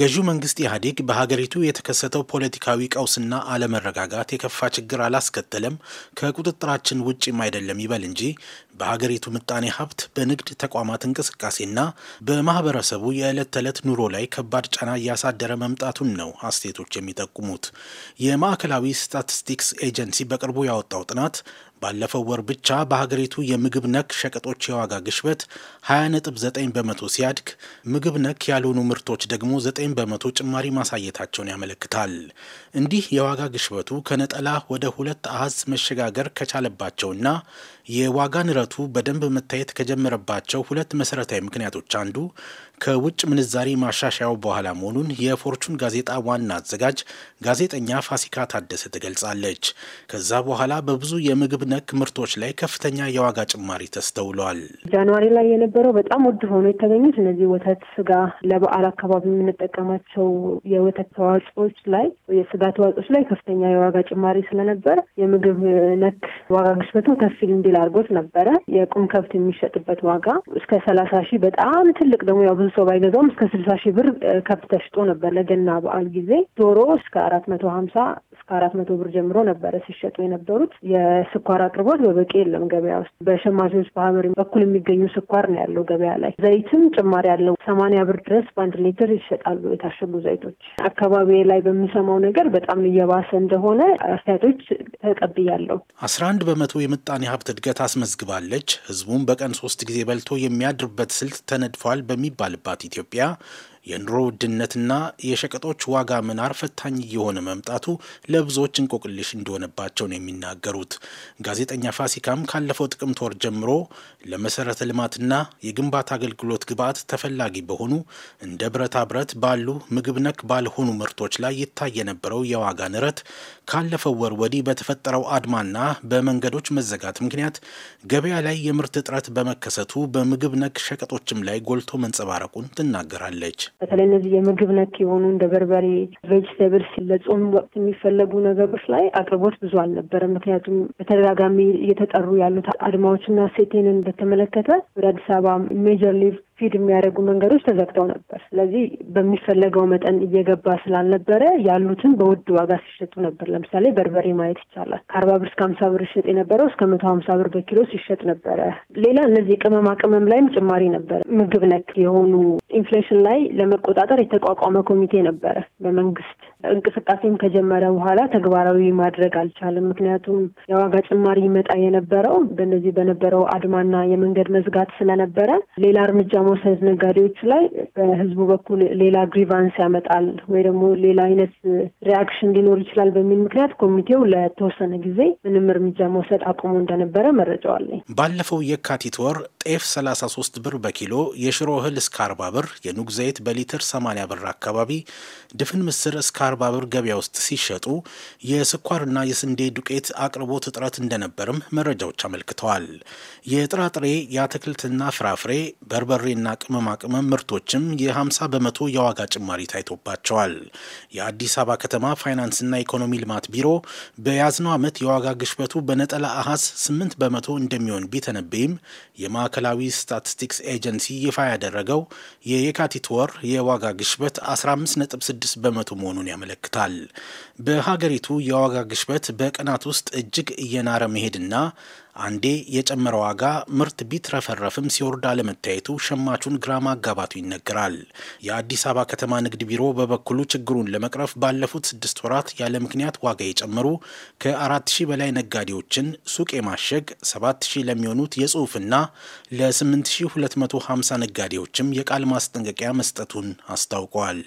ገዢው መንግስት ኢህአዴግ በሀገሪቱ የተከሰተው ፖለቲካዊ ቀውስና አለመረጋጋት የከፋ ችግር አላስከተለም፣ ከቁጥጥራችን ውጭም አይደለም ይበል እንጂ በሀገሪቱ ምጣኔ ሀብት፣ በንግድ ተቋማት እንቅስቃሴና በማህበረሰቡ የዕለት ተዕለት ኑሮ ላይ ከባድ ጫና እያሳደረ መምጣቱን ነው አስተያየቶች የሚጠቁሙት። የማዕከላዊ ስታቲስቲክስ ኤጀንሲ በቅርቡ ያወጣው ጥናት ባለፈው ወር ብቻ በሀገሪቱ የምግብ ነክ ሸቀጦች የዋጋ ግሽበት 20.9 በመቶ ሲያድግ ምግብ ነክ ያልሆኑ ምርቶች ደግሞ 9 በመቶ ጭማሪ ማሳየታቸውን ያመለክታል። እንዲህ የዋጋ ግሽበቱ ከነጠላ ወደ ሁለት አሃዝ መሸጋገር ከቻለባቸውና የዋጋ ንረቱ በደንብ መታየት ከጀመረባቸው ሁለት መሰረታዊ ምክንያቶች አንዱ ከውጭ ምንዛሪ ማሻሻያው በኋላ መሆኑን የፎርቹን ጋዜጣ ዋና አዘጋጅ ጋዜጠኛ ፋሲካ ታደሰ ትገልጻለች። ከዛ በኋላ በብዙ የምግብ ነክ ምርቶች ላይ ከፍተኛ የዋጋ ጭማሪ ተስተውሏል። ጃንዋሪ ላይ የነበረው በጣም ውድ ሆኖ የተገኙት እነዚህ ወተት፣ ስጋ ለበዓል አካባቢ የምንጠቀማቸው የወተት ተዋጽኦች ላይ የስጋ ተዋጽኦች ላይ ከፍተኛ የዋጋ ጭማሪ ስለነበረ የምግብ ነክ ዋጋ ግሽበቱ ከፍ እንዲል አድርጎት ነበረ። የቁም ከብት የሚሸጥበት ዋጋ እስከ ሰላሳ ሺህ በጣም ትልቅ ደግሞ ያው ብዙ ሰው ባይገዛውም እስከ ስልሳ ሺህ ብር ከብት ተሽጦ ነበር ለገና በዓል ጊዜ ዶሮ እስከ አራት መቶ ሀምሳ እስከ አራት መቶ ብር ጀምሮ ነበረ ሲሸጡ የነበሩት የስኳር የስኳር አቅርቦት በበቂ የለም ገበያ ውስጥ። በሸማቾች ማህበር በኩል የሚገኙ ስኳር ነው ያለው ገበያ ላይ። ዘይትም ጭማሪ ያለው ሰማንያ ብር ድረስ በአንድ ሊትር ይሸጣሉ የታሸጉ ዘይቶች። አካባቢ ላይ በሚሰማው ነገር በጣም እየባሰ እንደሆነ አስተያየቶች ተቀብያለሁ። አስራ አንድ በመቶ የምጣኔ ሀብት እድገት አስመዝግባለች፣ ህዝቡም በቀን ሶስት ጊዜ በልቶ የሚያድርበት ስልት ተነድፏል በሚባልባት ኢትዮጵያ የኑሮ ውድነትና የሸቀጦች ዋጋ መናር ፈታኝ እየሆነ መምጣቱ ለብዙዎች እንቆቅልሽ እንደሆነባቸው ነው የሚናገሩት። ጋዜጠኛ ፋሲካም ካለፈው ጥቅምት ወር ጀምሮ ለመሰረተ ልማትና የግንባታ አገልግሎት ግብዓት ተፈላጊ በሆኑ እንደ ብረታ ብረት ባሉ ምግብ ነክ ባልሆኑ ምርቶች ላይ ይታይ የነበረው የዋጋ ንረት ካለፈው ወር ወዲህ በተፈጠረው አድማና በመንገዶች መዘጋት ምክንያት ገበያ ላይ የምርት እጥረት በመከሰቱ በምግብ ነክ ሸቀጦችም ላይ ጎልቶ መንጸባረቁን ትናገራለች። በተለይ እነዚህ የምግብ ነክ የሆኑ እንደ በርበሬ፣ ቬጅቴብልስ ለጾም ወቅት የሚፈለጉ ነገሮች ላይ አቅርቦት ብዙ አልነበረም። ምክንያቱም በተደጋጋሚ እየተጠሩ ያሉት አድማዎችና ሴቴንን እንደተመለከተ ወደ አዲስ አበባ ሜጀር ሊቭ ፊድ የሚያደርጉ መንገዶች ተዘግተው ነበር። ስለዚህ በሚፈለገው መጠን እየገባ ስላልነበረ ያሉትን በውድ ዋጋ ሲሸጡ ነበር። ለምሳሌ በርበሬ ማየት ይቻላል። ከአርባ ብር እስከ ሀምሳ ብር ይሸጥ የነበረው እስከ መቶ ሀምሳ ብር በኪሎ ሲሸጥ ነበረ። ሌላ እነዚህ ቅመማ ቅመም ላይም ጭማሪ ነበረ። ምግብ ነክ የሆኑ ኢንፍሌሽን ላይ ለመቆጣጠር የተቋቋመ ኮሚቴ ነበረ በመንግስት እንቅስቃሴም ከጀመረ በኋላ ተግባራዊ ማድረግ አልቻለም። ምክንያቱም የዋጋ ጭማሪ ይመጣ የነበረው በነዚህ በነበረው አድማና የመንገድ መዝጋት ስለነበረ ሌላ እርምጃ መውሰድ ነጋዴዎች ላይ በህዝቡ በኩል ሌላ ግሪቫንስ ያመጣል ወይ ደግሞ ሌላ አይነት ሪያክሽን ሊኖር ይችላል በሚል ምክንያት ኮሚቴው ለተወሰነ ጊዜ ምንም እርምጃ መውሰድ አቁሞ እንደነበረ መረጃው ባለፈው የካቲት ወር ጤፍ 33 ብር በኪሎ፣ የሽሮ እህል እስከ 40 ብር፣ የኑግ ዘይት በሊትር 80 ብር አካባቢ፣ ድፍን ምስር እስከ በአርባ ብር ገበያ ውስጥ ሲሸጡ የስኳርና የስንዴ ዱቄት አቅርቦት እጥረት እንደነበርም መረጃዎች አመልክተዋል። የጥራጥሬ የአትክልትና ፍራፍሬ፣ በርበሬና ቅመማ ቅመም ምርቶችም የ50 በመቶ የዋጋ ጭማሪ ታይቶባቸዋል። የአዲስ አበባ ከተማ ፋይናንስና ኢኮኖሚ ልማት ቢሮ በያዝነው ዓመት የዋጋ ግሽበቱ በነጠላ አሃዝ 8 በመቶ እንደሚሆን ቢተነብይም የማዕከላዊ ስታቲስቲክስ ኤጀንሲ ይፋ ያደረገው የየካቲት ወር የዋጋ ግሽበት 15.6 በመቶ መሆኑን ያመለክታል። በሀገሪቱ የዋጋ ግሽበት በቀናት ውስጥ እጅግ እየናረ መሄድና አንዴ የጨመረ ዋጋ ምርት ቢትረፈረፍም ሲወርድ አለመታየቱ ሸማቹን ግራ ማጋባቱ ይነገራል። የአዲስ አበባ ከተማ ንግድ ቢሮ በበኩሉ ችግሩን ለመቅረፍ ባለፉት ስድስት ወራት ያለ ምክንያት ዋጋ የጨመሩ ከአራት ሺህ በላይ ነጋዴዎችን ሱቅ የማሸግ ሰባት ሺህ ለሚሆኑት የጽሑፍና ለ8250 ነጋዴዎችም የቃል ማስጠንቀቂያ መስጠቱን አስታውቋል።